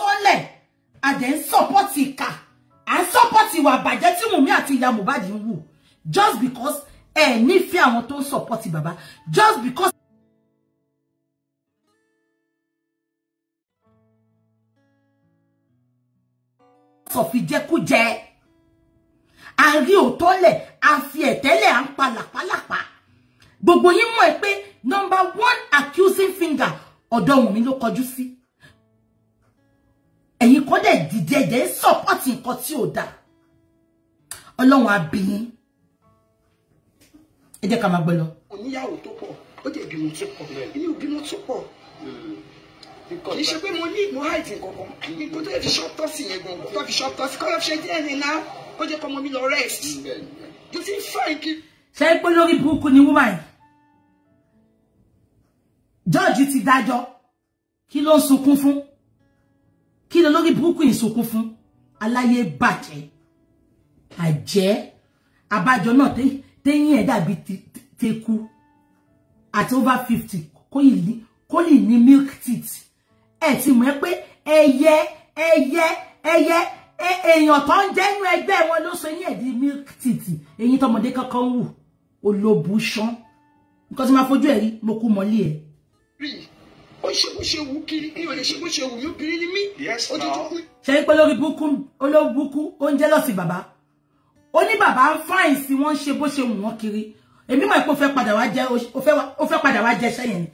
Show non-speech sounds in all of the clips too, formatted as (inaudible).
tọ́lẹ̀ àdẹ̀ ń sọ́pọ́tì ìka à ń sọ́pọ́tì ìwà àbàjẹ́ tí Wùnmí àti ìyá Mohbad ń just because ẹ nífẹ̀ẹ́ àwọn tó ń bàbá just because. sọ̀fìjẹkújẹ a rí òótọ́ lẹ̀ a fi ẹ̀tẹ́lẹ̀ à ń pa làpálàpá gbogbo yín mọ̀ ẹ́ pé number one accusing finger ọ̀dọ̀ Wùnmí ló kọjú sí. si nǹkan dẹ̀ dìde ẹ̀dẹ̀ support sọ́pọ́tì nǹkan o da dáa ọlọ́run abiyin ẹ jẹ́ ká máa gbẹ lọ. oníyàwó tó pọ̀ ó jẹ́ ìbímọ tó pọ̀ ní ìbímọ tó pọ̀ kì í ṣe pé mo ní mo háìtì kankan nígbà tó yẹ fi ṣọ́tọ́ sí yẹn gan tó fi ṣọ́tọ́ sí kọ́lá fi ṣe díẹ̀ ní náà ó jẹ́ kọ́mọ mi lọ rest tó mm, ti ń fà igi. ṣé pé lórí burúkú ni wúmà yìí jọ́ọ̀jì ti dájọ́ kí ló ń sunkún fún. kí ló lórí burúkú ìsunkún fún aláyé bàjẹ́ àjẹ́ abájọ náà téyìn ẹ̀ dàbí teku at over fifty kó lè ní milk teeth ẹ̀ ti mọ̀ ẹ́ pé ẹyẹ ẹyẹ ẹyẹ èèyàn tó ń jẹ́nu ẹgbẹ́ wọn ló sọ ní ẹ̀dí milk teeth eyín tọmọdé kankan wù olóbùṣán because ma máa fojú ẹ̀ rí mo kú mọ́lé ẹ̀ ó ṣe bó ṣe lórí búkú ó jẹ́lọ́sì Oni ní bàbá fáìn sí wọ́n ṣe bó wù wọ́n kiri èmi mọ̀ pé ó fẹ́ padà wá padà wá jẹṣẹ́ yẹn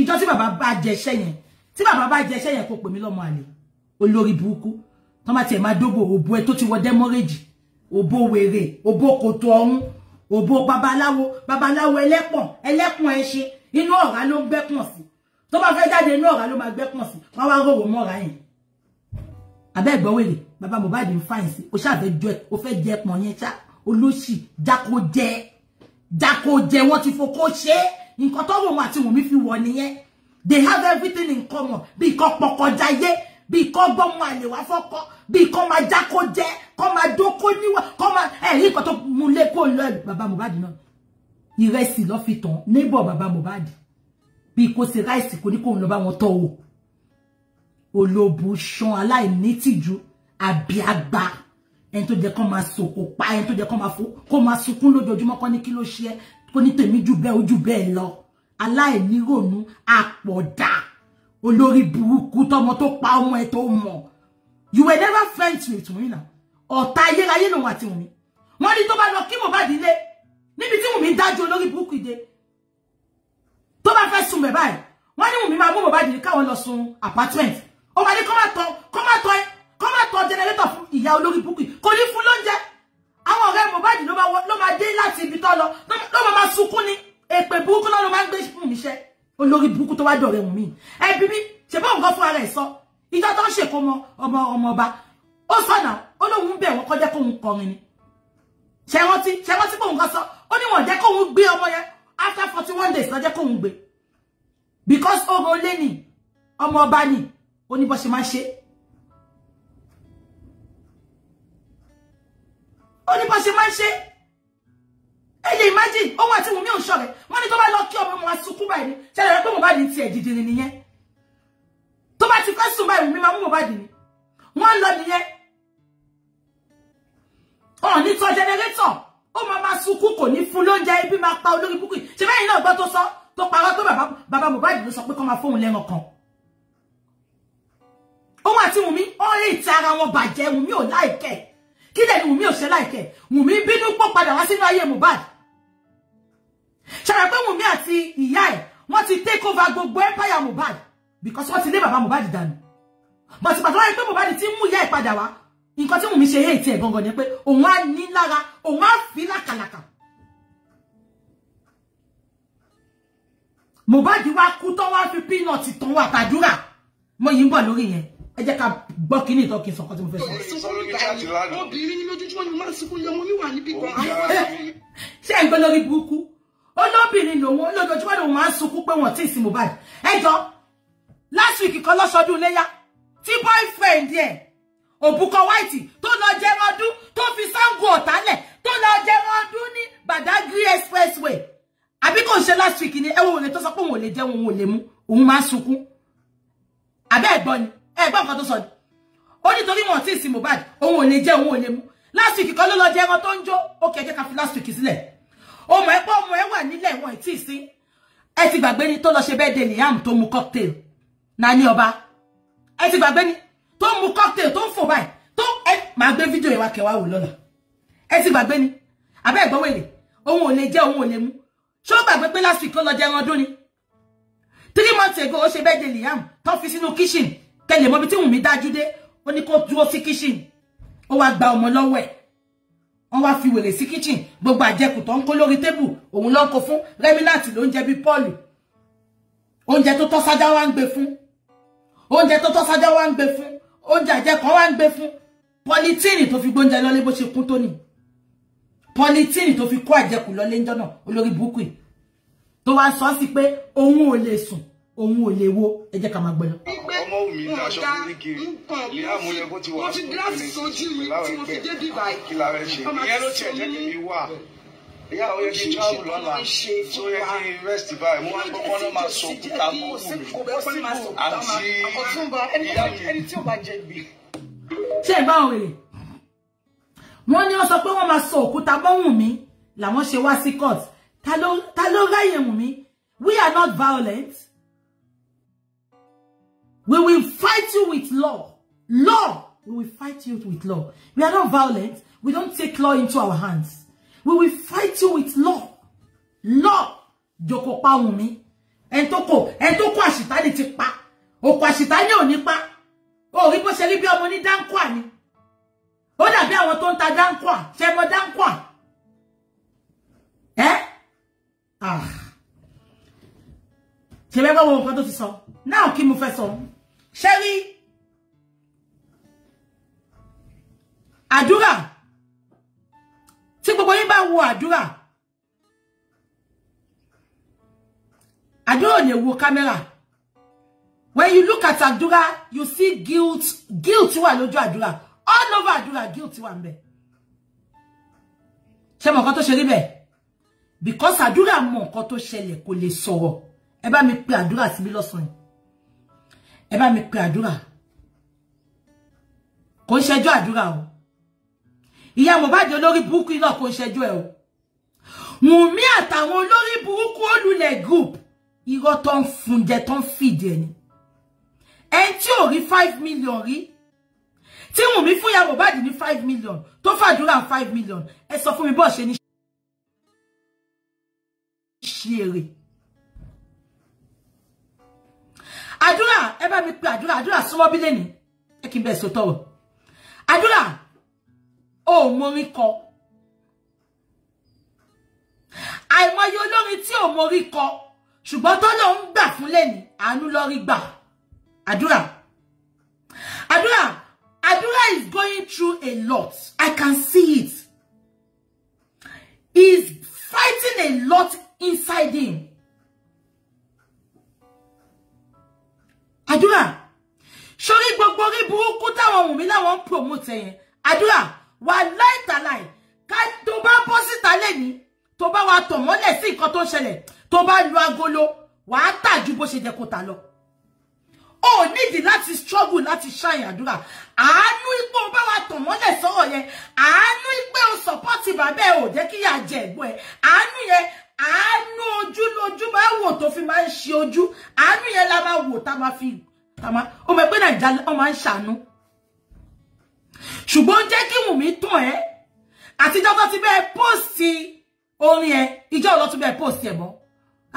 ìjọ tí bàbá bá jẹṣẹ́ yẹn tí bàbá bá jẹṣẹ́ yẹn kò pè mí lọ́mọ àlè olórí burúkú tọ́mọ tiẹ̀ máa dógbò òbó ẹ tó ti wọ dẹ́mọ́rẹ́jì òbó wèrè òbó kòtò ọ̀hún òbó babaláwo babaláwo ẹlẹ́pọ̀n ẹlẹ́pọ̀n ẹṣin inú ọ̀rá ló ń bẹ́pọ̀n si tó bá fẹ́ jáde inú ọ̀rá ló máa gbẹ́ pọ̀n sí wọ́n wá rówó mọ́ra yẹn abẹ́ ẹ̀gbọ́n wèrè bàbá Mohbad ń fàyìn sí o ṣáà fẹ́ jọ ẹ̀ o fẹ́ jẹ pọ̀n yẹn ṣá olóṣì jákó jẹ jákó jẹ wọ́n ti fokó ṣe nǹkan tó wọ̀n àti wọ̀n mi fi wọ̀ nìyẹn they have everything in common bí ikọ́ pọkọjáyé bí ikọ́ gbọ́mọ àlè wá fọ́kọ́ bí ikọ́ máa jákó jẹ kọ́ máa dókó níwà kọ́ máa ẹ̀rí nǹkan tó mú lé kó lọ bàbá Mohbad náà ìrẹsì lọ́ fi tàn neighbor bàbá Mohbad because kò ṣe ráìsì kò ní kò ń lọ bá wọn tọ́ o olóbùṣan aláìnítìjú àbíàgbà ẹni tó jẹ́ kó máa sòkò pa ẹni tó jẹ́ kó máa fò kó máa sunkún lójoojúmọ́ kó ní kí ló ṣe é kó ní tèmi jù àpọ̀dà olórí burúkú tọmọ tó mọ̀ you were never friends with me na ọ̀tá ayérayé lòun àti Wùnmí wọ́n ní tó bá lọ kí Mohbad ilé níbi tí Wùnmí dájú olórí fẹ́ sun bẹ̀ báyìí wọ́n ní Wùmí máa mú Mohbad ní káwọn sun apartment ó máa ní kọ́ máa tọ́ kọ́ máa tọ́ kọ́ máa tọ́ jẹnẹrétọ̀ fún ìyá olórí búkú kò ní fún lóúnjẹ àwọn ọ̀rẹ́ Mohbad ló máa dé láti ibi tó lọ ló máa sunkún ní èpè burúkú náà ló máa ń gbé fún mi iṣẹ́ olórí burúkú tó wá dọ̀rẹ́ Wùmí ẹbí mi ṣèbọ̀ nǹkan fún ara ẹ̀ sọ ìjọ tó ń ṣèkó ọmọ ọmọ ọba ó sọ̀nà olóhùn bẹ̀ wọ́n kọjá kóhun kọrin ni ko maa to ko maa to ko maa to jenereto fun iya olori buku ko ni fun lounje awon ore mohbad no, maa de lati ibi to No, lo maa sunkun ni epe buruku naa lo maa n gbe fun mi ise olori buruku to wa dore wumi ebi mi kóhun kan sọ ó ní wọ́n jẹ́ kóhun gbé ọmọ yẹn after forty one days lọ́jẹ́ kóhun gbé because ọmọ ilé ni ọmọ ọba ni Oni ní bó ṣe máa ṣe ó bó ṣe máa ṣe ẹyẹ imagine ohun àti wùmí òṣọ rẹ wọn ní tó bá lọ kí ọmọ wọn sunkún báyìí ni ṣẹlẹ̀ rẹ pé mo bá di tiẹ̀ ni nìyẹn tó bá ti fẹ́ sùn báyìí wùmí máa mú mo bá dì ní wọn lọ nìyẹn ọ̀n ní tọ́ jẹnẹrétọ̀ ó máa máa sunkún kò ní fún lóúnjẹ ibi máa pa olórí púpù ṣe bẹ́ẹ̀ náà gbọ́ tó sọ tó parọ́ tó bàbá bàbá Mohbad ló sọ pé kó máa fóun lẹ́ran kan òun àti Wùmí ó rí ìta wọn bàjẹ́ Wùmí ò láìkẹ́ kí lè Wùmí ò ṣe láìkẹ́ Wùmí bínú pọ̀ padà wá sínú ayé Mohbad ṣàrà pé Wùmí àti ìyá ẹ̀ wọ́n ti take over gbogbo empire mobile because wọ́n ti lé bàbá Mohbad dan but pàtó wáyé pé Mohbad ti mú ìyá ẹ̀ padà wá nǹkan tí Wùmí ṣe yé ìtì ẹ̀ gangan ni pé òun á ní lára òun á fi lákàlàkà Mohbad wá kú tán wá fi peanut tán wá tàdúrà mo yìí ń bọ̀ lórí yẹn ẹ jẹ́ ká gbọ́ kíní ìtọ́ kí n sọ nǹkan tí mo fẹ́ sọ. obìnrin ni lójoojúmọ́ ni máa ń sunkún lọ́mọ oníwà níbí gan. ṣé ẹ̀ ń gbọ́ lórí burúkú olóbìnrin lòun lójoojúmọ́ lòun máa ń sunkún pé wọ́n ti ìsìn Mohbad ẹ jọ last week kan lọ́sọdún léyà tí boyfriend ẹ̀ òbúkọ white tó lọ jẹ́ ọdún tó fi Ṣàngó Ọ̀tálẹ̀ tó lọ jẹ́ ọdún ní Badagry expressway àbí kò ṣe last week ni ẹwọ òun lè tó sọ pé òun ò lè jẹun òun ò lè mu òun máa ń sunkún àbẹ́ ẹ̀gbọ́n ni ẹ̀gbọ́n nǹkan tó sọ ni ó nítorí wọn tí ì sin Mohbad òun ò lè jẹ òun ò lè mu last week kan ló lọ jẹ ẹran tó ń jó ó ká fi last week sílẹ̀ ọmọ ẹ pé ọmọ ẹ wà nílẹ̀ wọn ì tí ì sin ẹ ti gbàgbé ni tó lọ ṣe bẹ́ẹ̀ dé nìyàm tó mu cocktail Na ni Ọba ẹ ti gbàgbé ni tó mu cocktail tó ń fò báyìí tó ẹ máa gbé fídíò ìwà kẹwàá wò lọ́la ẹ ti gbàgbé ni àbẹ́ ẹ̀gbọ́n wèrè òun ò lè jẹ òun ò lè mu ṣó gbàgbé pé last week ló lọ jẹun ọdún ni three months ago ó ṣe birthday Liam tó fi sínú kitchen tẹlẹ mọbi tí Wùnmí dájú dé ó ní kó dúró sí kitchen ó wá gba ọmọ lọ́wọ́ ẹ̀ wọ́n wá fi wèrè sí kitchen gbogbo àjẹkù tó ń kó lórí tébù òun ló ń kó fún rẹ́mínáàtì ló ń jẹ bí Paul oúnjẹ tó tọ́ sájà wá ń gbé fún oúnjẹ tó tọ́ sájà wá ń gbé fún oúnjẹ àjẹkù wá ń gbé fún pọlítìnì tó fi gbóúnjẹ lọ lé bó ṣe kún tó nìyí pọlitíìnì tó fi kó àjẹkù lọ lẹ́jọ́ náà olórí burúkú yìí tó wá sọ sí pé òun ò lè sùn òun ò lè wo ẹ jẹ́ ká máa gbẹ lọ. ọmọ mi ní aṣọ kirikiri ilé amúyẹ bó ti wà sí ìpínlẹ̀ sojú mi tí mo fi dé bí báyìí. kí la fẹ́ ṣe ìyẹn ló tiẹ̀ jẹ́ kí mi wà ìyá àwọn yẹn ti travel lọ́la tó yẹ kí rest báyìí mo máa ń gbọ́kọ́ náà máa sọ òkúta mọ́ọ̀lù àti ìyá mi. ṣé ẹ bá òun rè é. wọ́n ní sọ pé wọ́n sọ òkúta bọ́ ṣe wá sí court ta ló ta ló we are not violent we will fight you with law law we will fight you with law we are not violent we don't take law into our hands we will fight you with law law jòkó pa Wùnmí ẹni tó kò ẹni tó kó àṣìta ni ti pa òkò àṣìta ni ní pa òrí bó ṣe rí bí ọmọ ní dáńkọ́ ó dàbí àwọn tó ń ta dáńkọ̀à ṣẹmọ dáńkọ̀à ẹ́ ah. ṣe bẹ́ẹ̀ gbọ́ nǹkan tó ti sọ náà kí mo fẹ́ sọ ṣé rí àdúrà tí gbogbo yín bá wo àdúrà àdúrà ò lè wo when you look at àdúrà you see guilt guilt wà lójú àdúrà all over àdúrà guilty one ń bẹ ṣé mọ nǹkan tó ṣe because àdúrà mọ koto tó ṣẹlẹ̀ kò lè sọ̀rọ̀ ẹ mi pe àdúrà si lọ́sàn yìí ẹ bá mi pe àdúrà kò ń ṣẹjọ́ àdúrà o ìyá Mohbad olórí buku ina kò ń ṣẹjọ́ ẹ o Wùnmí buku olórí le group Igo ton ń funjẹ tó ń fìdí ẹni tí ò five million rí tí wùn mí fún ìyá Mohbad ní five million tó fàdúrà five million E sọ fún mi bọ́ọ̀ ṣe ní ṣe èrè àdúrà ẹ mi pe àdúrà àdúrà súnmọ́ bílẹ̀ ni ẹ kì í bẹ̀ sọ tọrọ àdúrà ò mórí kọ àìmọye olórin tí ò mórí kọ ṣùgbọ́n tọ́lọ́ ń gbà fún lẹ́ni àánú lọ́rí gbà àdúrà àdúrà Kaduna is going through a lot. I can see it. He's fighting a lot inside him. Àdúrà, shori gbogbo orí burúkú táwọn ohun mi láwọn promote yẹn. Àdúrà, wà láì tàláì, ká tó bá bọ́ síta lẹ́ni, tó bá wa light talai ka mọ́lẹ̀ sí nǹkan tó ń ṣẹlẹ̀, n bá lu agolo, bo se je ko ta lo o nídìí láti struggle láti ṣàyìn àdúrà àánú ipò bá wa tàn mọ́lẹ̀ sọ̀rọ̀ yẹn àánú ipò support bàbá ẹ̀ ò jẹ́ kí yà jẹ ẹ̀gbọ́n ẹ̀ àánú yẹn àánú ojú lójú máa wò tó fi máa ń ṣe ojú àánú yẹn la máa wò tá máa fi tá máa ó mọ̀ pé nàìjíríà wọ́n máa ń ṣàánú ṣùgbọ́n jẹ́ kí Wùnmí tàn ẹ́ àtijọ́ tó ti bẹ́ẹ̀ póòsì orin ẹ̀ ìjọ́ ọ̀lọ́tún bẹ́ẹ̀ póòsì ẹ̀ mọ́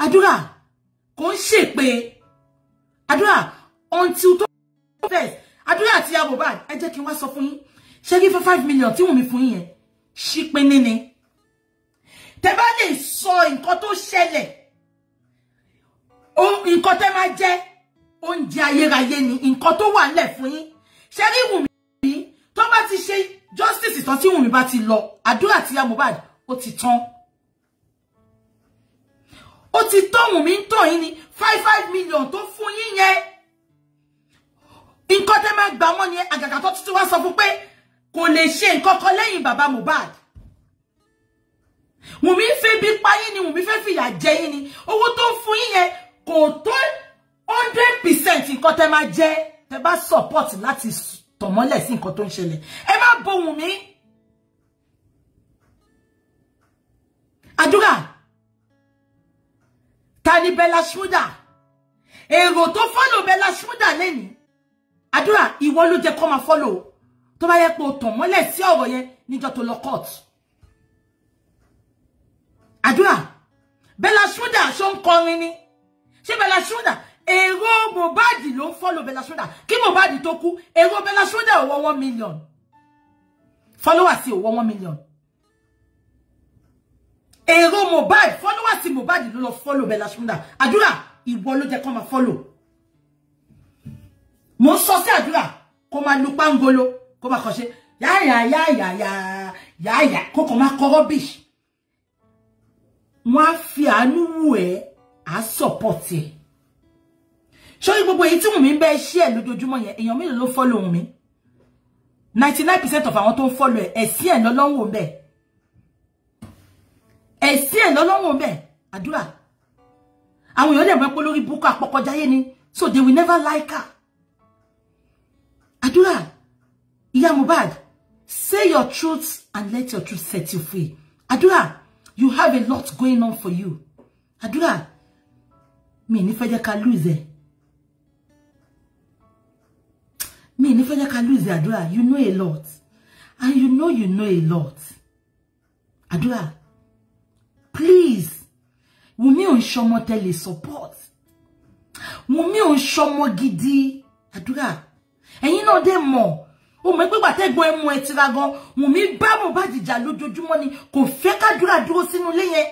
Adura. kò ń ṣèpè Adura until tó first adúlá àti yàgò báyìí ẹ jẹ́ kí n wá sọ fún give for kí fún five million tí wọ́n mi fún yín yẹn ṣí pé níní so bá lè sọ nǹkan tó ṣẹlẹ̀ nǹkan tẹ máa jẹ oúnjẹ ayérayé ni nǹkan tó wà nílẹ̀ fún yín ṣé rí mi. To ba ti ṣe justice tán tí Wùmí bá ti lọ àdúrà àti yàgò báyìí ó ti tán ó ti tán Wùmí ń tàn yín ni five five million To fún yín yẹn. In tẹ́ máa gbà wọ́n yẹn àgàgà tó tún wá sọ fún pé kò lè ṣe nǹkan kan lẹ́yìn bàbá Mohbad Wùmí fẹ́ bí payín ni Wùmí fẹ́ fìyà jẹ yín ni owó tó fún yín kò tó hundred percent nǹkan tẹ́ máa jẹ tẹ́ bá support láti tọ̀mọ́lẹ̀ sí nǹkan tó ń ṣẹlẹ̀ ẹ má bo Wùmí. àdúrà ta ni Bella shuda èrò tó àdúrà ìwọ ló to come and follow tó bá yẹ pé o tàn mọ́lẹ̀ sí ọ̀rọ̀ yẹn tó lock out. àdúrà Bella Shmurda ṣó ń kọrin ni Bella Shmurda èrò Mohbad ló ń follow Bella Shmurda kí Mohbad tó kú èrò Bella Shmurda ò wọ one million followers ò wọ one million èrò Mohbad followers Mohbad ló lọ follow Bella Shunda. àdúrà ìwọ ló to come and follow mo ń sọ sí àdúrà kó máa lu pángolo kó máa kàn ṣe ya yáyà yáyà kó kàn máa kọ́ rubbish wọ́n á fi àánú wù ẹ́ á support ẹ̀ ṣóyí gbogbo èyí tí Wùnmí ń bẹ́ ṣí ẹ̀ yẹn èèyàn mélòó ló follow Wùnmí ninety nine percent of àwọn tó ń follow ẹ̀ ẹ̀sìn ẹ̀ lọ́lọ́wọ́ bẹ́ẹ̀ ẹ̀sìn ẹ̀ lọ́lọ́wọ́ be, àdúrà àwọn èèyàn dẹ̀ mọ́ pé lórí búkọ́ àpọ̀kọjáyé ni so they will never like her àdúrà ìyá Mohbad say your truth and let your truth set you free àdúrà you have a lot going on for you àdúrà me ní fẹ́ jẹ́ ká lose ẹ ní fẹ́ ká lose àdúrà you know a lot and you know you know a lot àdúrà please Wùmí ò ń ṣọmọ tẹ́lẹ̀ support Wùmí ò ń ṣọmọ gidi àdúrà ẹ̀yin náà dẹ̀ mọ̀ o mọ̀ pé gbàtẹ́gbọ́n ẹmu ẹ tira gan Wùnmí bá Mohbad jà lójoojúmọ́ ni kò fẹ́ kádúrà dúró sínú ilé yẹn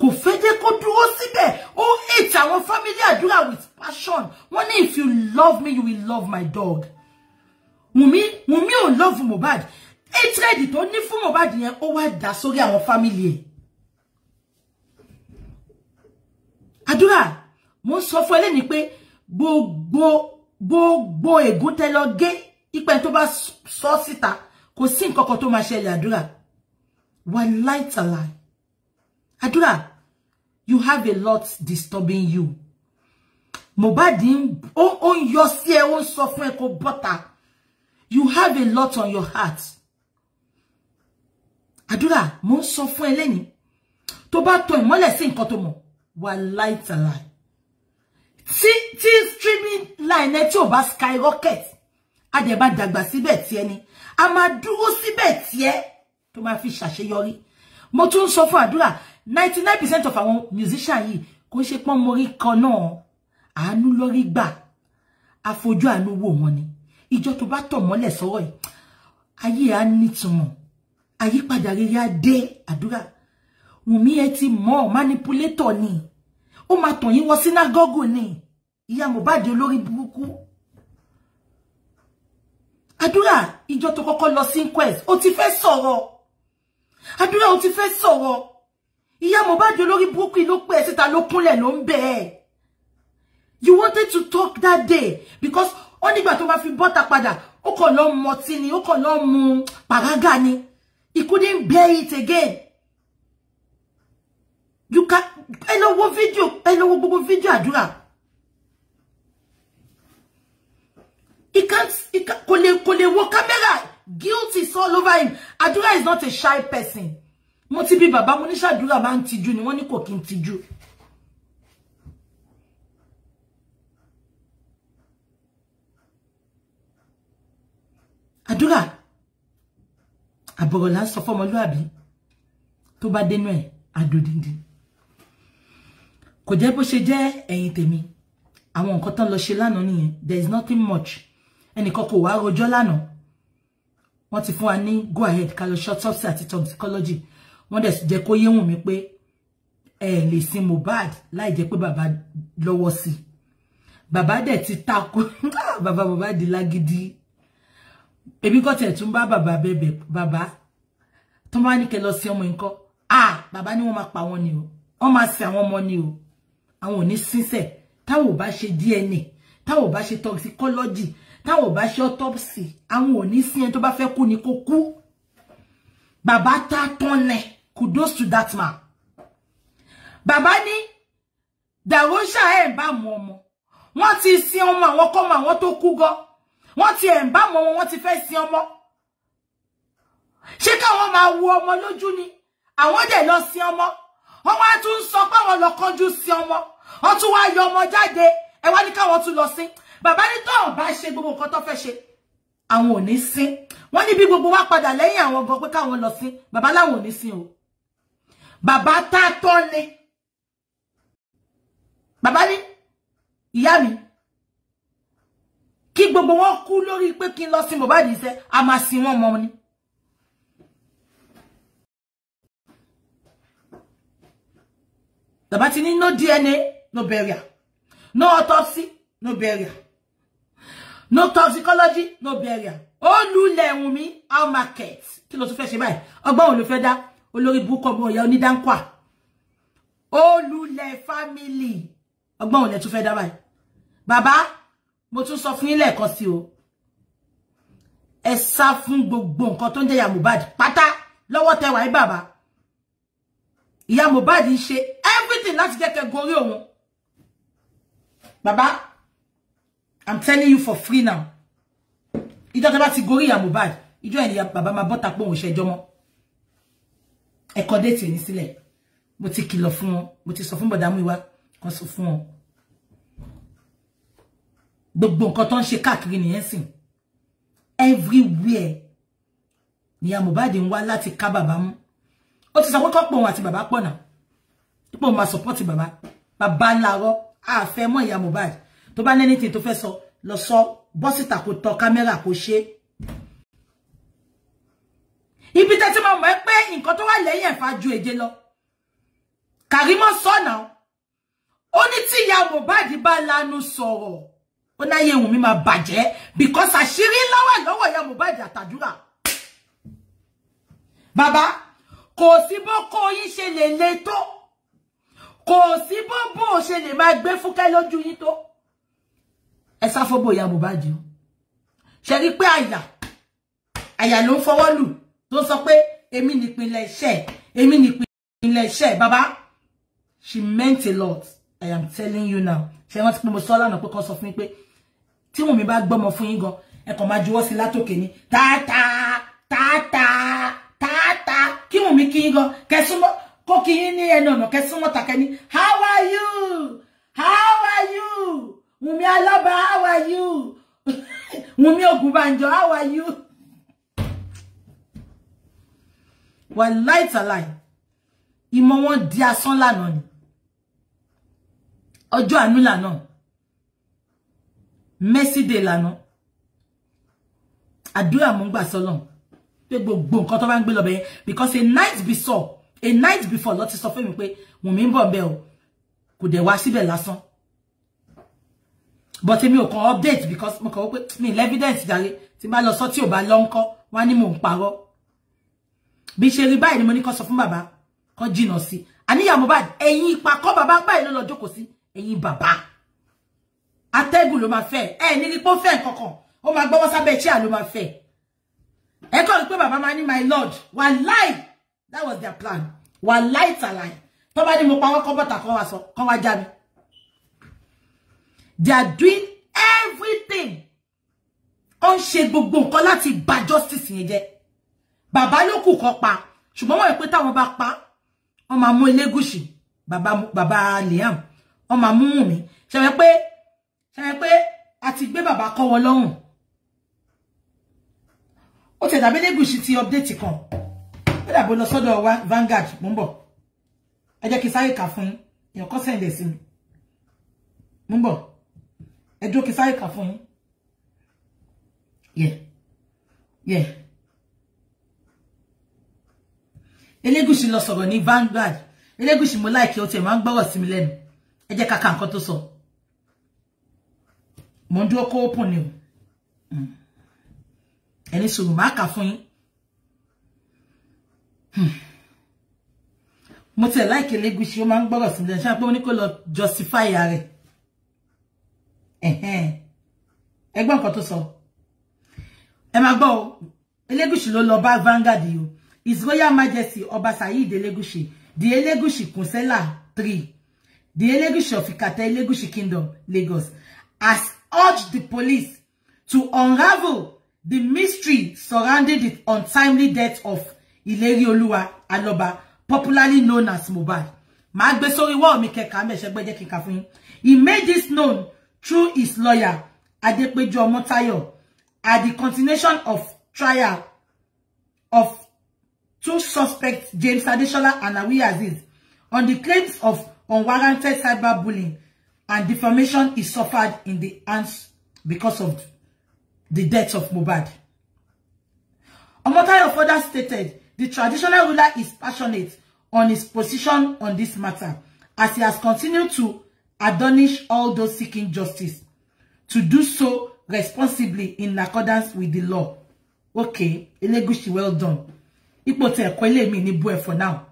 kò fẹ́ jẹ́ kó dúró síbẹ̀ ó hate àwọn family àdúrà with passion wọ́n if you love me you will love my dog Wùnmí Wùnmí ò love mo Mohbad ready tó ní fún Mohbad yẹn ó wá dà sórí àwọn family ẹ̀ àdúrà mo sọ fún ẹlẹ́ni pé gbogbo bo ègún tẹ́ lọ gé ipa tó bá sọ síta kò sí nǹkan kan tó máa ṣẹlẹ̀ àdúrà wallahi àdúrà you have a lot disturbing you Mohbad ó ó ń yọ sí ẹ ó ń sọ fún ẹ kó bọ́ta you have a lot on your heart àdúrà mo ń sọ fún ẹ lẹ́ni tó bá tọ ìmọ́lẹ̀ sí nǹkan tó mọ̀ wallahi tallahi tí tí streaming line ẹ tí ò bá skyrocket a dẹ̀ bá dàgbà síbẹ̀ tiẹ̀ ni a máa dúró síbẹ̀ tiẹ̀ tó máa fi ṣàṣeyọrí mo tún sọ fún àdúrà ninety nine percent of àwọn musician yìí kò ṣe pọ́n morí kan náà àánú lórí gbà àfojú àánú wò wọn ni ìjọ tó bá tọ̀ mọ́lẹ̀ sọ́wọ́ yìí ayé á nítumọ̀ àyípadà rere á dé àdúrà wùmí ẹ ti mọ̀ manipulator ni. ó máa tàn yín wọ sínágọ́gù ni ìyá Mohbad olórí burúkú àdúrà ìjọ tó kọ́kọ́ lọ sí inquest ó ti fẹ́ sọ̀rọ̀ àdúrà ó ti fẹ́ sọ̀rọ̀ ìyá Mohbad olórí burúkú ló pè é síta ló kúnlẹ̀ ló ń you wanted to talk that day because ó nígbà tó bá fi bọ́ta padà ó kàn lọ mọtí ni ó kàn lọ mu pàrágà ni he couldn't bear it again you can ẹ lọ wo fídíò ẹ lọ wo gbogbo àdúrà he can't he can't Kole. lè kò lè wo is all over him àdúrà is not a shy person mo ti bí bàbá mo ní ṣàdúrà máa ń tijú ni wọ́n ní kò kí n tijú. àdúrà àbọ̀rọ̀ ki ń sọ fọ́mọlúàbí tó bá dénú ẹ̀ àdòdìndín. kò jẹ́ bó ṣe jẹ́ ẹ̀yin tèmi àwọn nǹkan tán lọ ṣe lánàá nìyẹn there is nothing much ẹnìkan kò wá rojọ́ lánàá wọ́n ti fún wa ní go ahead ká lọ ṣe autopsy àti toxicology wọ́n dẹ̀ jẹ́ kó yé wùn mí pé ẹ lè sin Mohbad láì jẹ́ pé bàbá lọ́wọ́ sí i bàbá dẹ̀ ti takò (laughs) bàbá bàbá di lágídí ebi kọ́ tiẹ̀ tún bá bàbá bẹ̀bẹ̀ bàbá tó bá ní kẹ lọ sí ọmọ nǹkan ah bàbá ni wọ́n máa pa wọ́n ni o wọ́n máa sin àwọn ọmọ ni o àwọn ò ní sínsẹ̀ táwọn ò bá ṣe DNA táwọn ò bá ṣe toxicology ni sinse tawon ba se dna kú bàbá awon ni si en to tán lẹ̀ kudos to that man bàbá ní dàwọ́ṣà ẹ̀ bá mọ ọmọ wọ́n ti sin ọmọ àwọn kọ́mọ àwọn tó kú wọ́n ti ń bá mọ ti fẹ́ sin ọmọ ṣé wo ọmọ lójú ni àwọn dẹ̀ lọ sin ọmọ wọ́n wá tún sọ lọ kánjú sin ọmọ wọ́n tún wá yọ ọmọ jáde ẹ wá ní káwọn tún lọ sí bàbá ní tóun bá ṣe gbogbo nǹkan tó fẹ́ ṣe àwọn ò ní sí wọ́n ní bí gbogbo wa padà lẹ́yìn àwọn gan pé káwọn lọ sí bàbá láwọn ò ní sí o bàbá tá a tọ́ ni bàbá ní ìyá mi kí gbogbo wọn kú lórí pé kí n lọ sí Mohbad iṣẹ́ a máa sin wọ́n mọ́ ni. bàbá ti ní no DNA no burial. No autopsy, no burial. No toxicology, no burial. Olúlẹ̀ Wùmí, our market. Kí ló tún fẹ́ ṣe báyìí. Ọgbọ́n wo ló fẹ́ dá olórí buko mo ya oni dan kwa. Olúlẹ̀ family. Ọgbọ́n wo lẹ tún fẹ́ dá báyìí. Bàbá, mo tún sọ fún yín suffering sí o. Ẹ sá fún gbogbo nǹkan tó ń pátá lọ́wọ́ tẹ́ wà yìí bàbá. Ìyá Mohbad ń ṣe everything láti jẹ́ kẹ́ gorí Baba, I'm telling you for free now. Ìjọ tẹ́ bá ti gorí ìyá Mohbad, ìjọ ẹni bàbá máa bọ́ta pé òun ṣẹjọ́ mọ́. Ẹ̀kọ́ déètì ẹni But it's a kìlọ̀ fún wọn, mo ti sọ fún bọ̀dá Múìwá, kan sọ fún wọn. Gbogbo nǹkan tó ń ṣe káàkiri nìyẹn sìn. Everywhere ni ìyá Mohbad ń wá láti ká bàbá mú. Ó ti sọ pé kọ́pọ̀ òun àti bàbá pọ̀ náà. Ipò máa sọ̀pọ̀ ti bàbá. Bàbá ńlá rọ́. Ah, fẹ́ mọ̀ y a mobile. tó bá anything tó sọ lọ sọ bọ́ síta kó tọ kámẹ́rà kó ṣe ibi tẹ́tí máa mọ̀ ẹ́ pé nǹkan tó wà lẹ́yìn ẹ̀fà ju èje lọ Karimo sọ̀nà ó Oni tí ìyá Mohbad bá lanu sọ̀rọ̀ ó náyé ìwùn mi bàjẹ́ because ashiri lawa wà lọ́wọ́ ya Mohbad àtàdúrà bàbá kò sí bó kó yín ṣe lè le tó kò sí bóbó ṣe lè máa gbé fúnkẹ́ lójú yín tó ẹ sáfọ́bọ̀ ìyá Mohbad o ṣe rí pé àyà àyà ló ń fọwọ́ lù tó sọ pé èmi nìpínlẹ̀ iṣẹ́ èmi nìpínlẹ̀ iṣẹ́ bàbá she meant a lot i am telling you now ṣe wọ́n ti pé mo sọ lánàá pé of me. fún yín pé tí wọn mi bá gbọ́mọ fún yín gan ẹ kàn máa juwọ́ sí látòkè ni tààtà tààtà tààtà kí wọn mi kí yín gan kẹsùn mọ́ kó kí yín ní ẹnu ọ̀nà kẹsùn how are you how are you wùmí alọ́ba how are you (laughs) wùmí ògùnbànjọ how are you. wà láìtàláì ìmọ̀ wọn di asán lánàá ni ọjọ́ àánú lánàá mẹ́sídẹ̀ lánàá àdúrà mú gbà sọ́lọ̀ pé gbogbo nǹkan tó bá ń gbé lọ bẹ̀yẹn because a night be before a night before ló of sọ fún mi pé Wùnmí ń bọ̀ ńbẹ̀ o kò dẹ̀ wá síbẹ̀ lásán but èmi ò kàn update because mo kàn wò pé mi evidence jàre tí bá lọ sọ tí ò bá lọ ńkọ́ wá ní mò ń parọ́ bí ṣe rí báyìí ni mo ní kàn sọ fún bàbá kàn jìnnà sí àníyàn Mohbad ẹ̀yin ipa bàbá báyìí ló lọ jókòó sí ẹ̀yin bàbá atẹ́gùn ló máa fẹ́ ẹ ní rí pé ó fẹ́ kankan ó máa gbọ́wọ́ sábẹ́ bàbá ní my lord wà life. that was their plan wàláì lights tó bá ní mo power wọ́n kọ́ bọ́tà kan come sọ they are doing everything ó ń ṣe gbogbo nǹkan láti justice in jẹ́ Baba ló kù kọ́ pa ṣùgbọ́n wọ́n pé táwọn bá pa wọ́n máa Baba Elégùṣì Liam wọ́n máa mú mi ṣe wẹ́ pé ṣe wẹ́ pé a ti gbé bàbá kọ́ wọn lọ́rùn ó tẹ̀ ti update kan. ó dàbọ̀ lọ sọ́dọ̀ wa Vanguard mo ń bọ̀ ẹ jẹ́ kí sáré kà fún yín èèyàn kan sẹ́ǹdẹ̀ sí mi mo ń bọ̀ ẹ dúró kí sáré kà fún yín yẹ yẹ Elégùṣì lọ sọ̀rọ̀ ní Vanguard Elégùṣì mo láìkí ó tiẹ̀ máa ń gbọ́rọ̀ sí mi lẹ́nu ẹ jẹ́ ká ka nǹkan tó sọ mo laiki o tie maa n si dúró to so mo n ko open ni o hmm. ẹni sùúrù máa kà fún yín. Hmm. mo tẹ̀ like lẹ́gùsì ó máa ń gbọ́rọ̀ sílẹ̀ ṣáà pé ó ní kó lọ justify rẹ̀ ẹgbọ́n kan tó sọ ẹ máa gbọ́ o ló lọ bá Vanguard o His Royal Majesty Ọba Saheed Elegushi the Elegushi Councillor three the Elegushi of Ikate Elegushi Kingdom Lagos has urged the police to unravel the mystery surrounding the untimely death of ìlérí olúwa alọba popularly known as Mohbad màá sórí wọ́ọ̀ mi kẹka mẹ́sẹ̀ gbẹ́jẹ́ kíkà fún he made this known through his lawyer Adepeju Omotayo at the continuation of trial of two suspects James Adeshola and Awi Aziz, on the claims of unwarranted cyberbullying and defamation he suffered in the hands because of the death of Mohbad. Omotayo further stated the traditional ruler is passionate on his position on this matter, as he has continued to admonish all those seeking justice to do so responsibly in accordance with the law. Okay, Elegushi, well done. For now.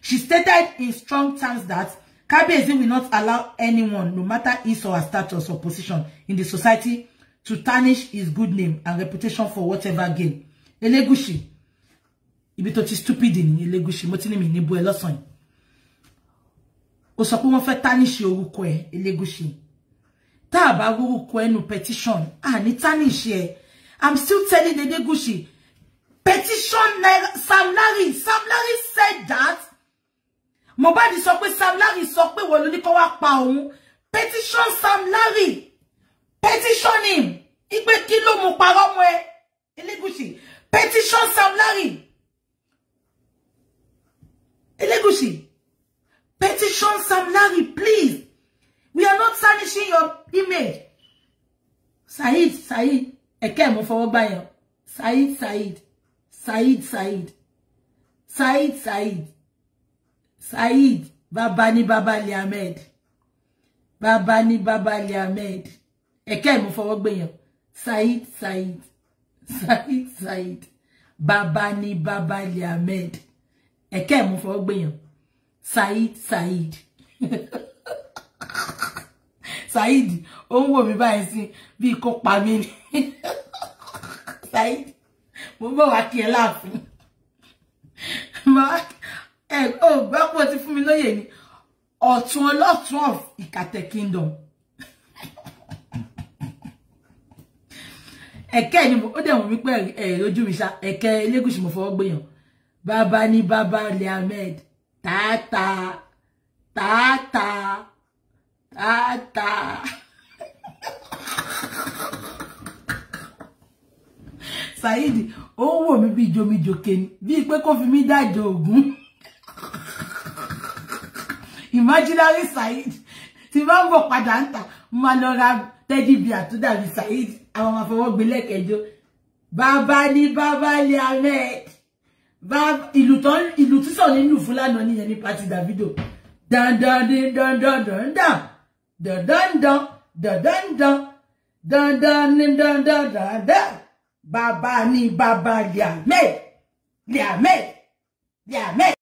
She stated in strong terms that Kabezi will not allow anyone, no matter his or her status or position in the society, to tarnish his good name and reputation for whatever gain. Elegushi, ibi tó ti stupid ní Elegushi mo ti ní mi níbo ẹ lọ́sàn yìí ó sọ pé wọ́n fẹ́ tánìṣe orúkọ ẹ Elegushi tá a bá orúkọ ẹnu petition àní tánìṣe ẹ I'm still telling Elegushi petition Sam Larry Sam Larry said that Mohbad sọ pé Sam Larry sọ pé wọ́n ló ní kó wá pa òun petition Sam petition him ipe kí ló mú parọ́ mọ́ ẹ Elegushi petition Sam Elegushi, petition Sam Larry, please. We are not tarnishing your image. Said, Said, Ekemo for Obayo. Said, Said, Said, Said, Said, Said, Said, Babani Babali Ahmed. Babani Baba Babali Ahmed. Ekemo for Obayo. Said, Said, Said, Said, Babani Babali Ahmed ẹ̀kẹ́ mo fọwọ́ gbèyàn said said, (laughs) said. ó ń wò mí báyìí sí bíi kó pa mí ni (laughs) Saheed mo bọ̀ wá kí ẹ láàfin (laughs) ẹ ò gbọ́ pé o ti fún mi lóye ni ọ̀tún ọlọ́tún of Ikate kingdom ẹ̀kẹ́ ni mo ó dẹ̀ mi wípé ẹ̀ lójú mi ṣá ẹ̀kẹ́ Elégùṣì mo fọwọ́ gbèyàn bàbá ní bàbá Ali tata. tààtà tààtà tààtà. Saheed ó ń wò mí bí jomijoke ni bíi pé kó fi mí dájọ ògún imaginary Said, tí bá ń bọ̀ padà ń tà máa lọ ra tẹ́dí bíi àtúndàbí Saheed àwọn ọmọ afọwọ́gbé lẹ́kẹ̀ẹ́jọ́ bàbá ní bàbá Ali Vav ìlù tó ìlù tí sọ nínú Fúlàní nìyẹn ní pati Davido. Dandan din dandan dandan. Dandan dan dandan dan. Dandan din dandan dandan. Bàbá ni bàbá Liame. Liame. Liame.